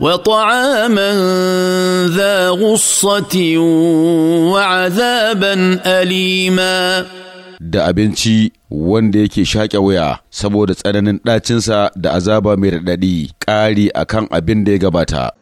وطعاما ذا غصة وعذابا أليما da abinci wanda yake shaƙe wuya saboda tsananin ɗacinsa da azaba mai raɗaɗi ƙari akan abin da ya gabata.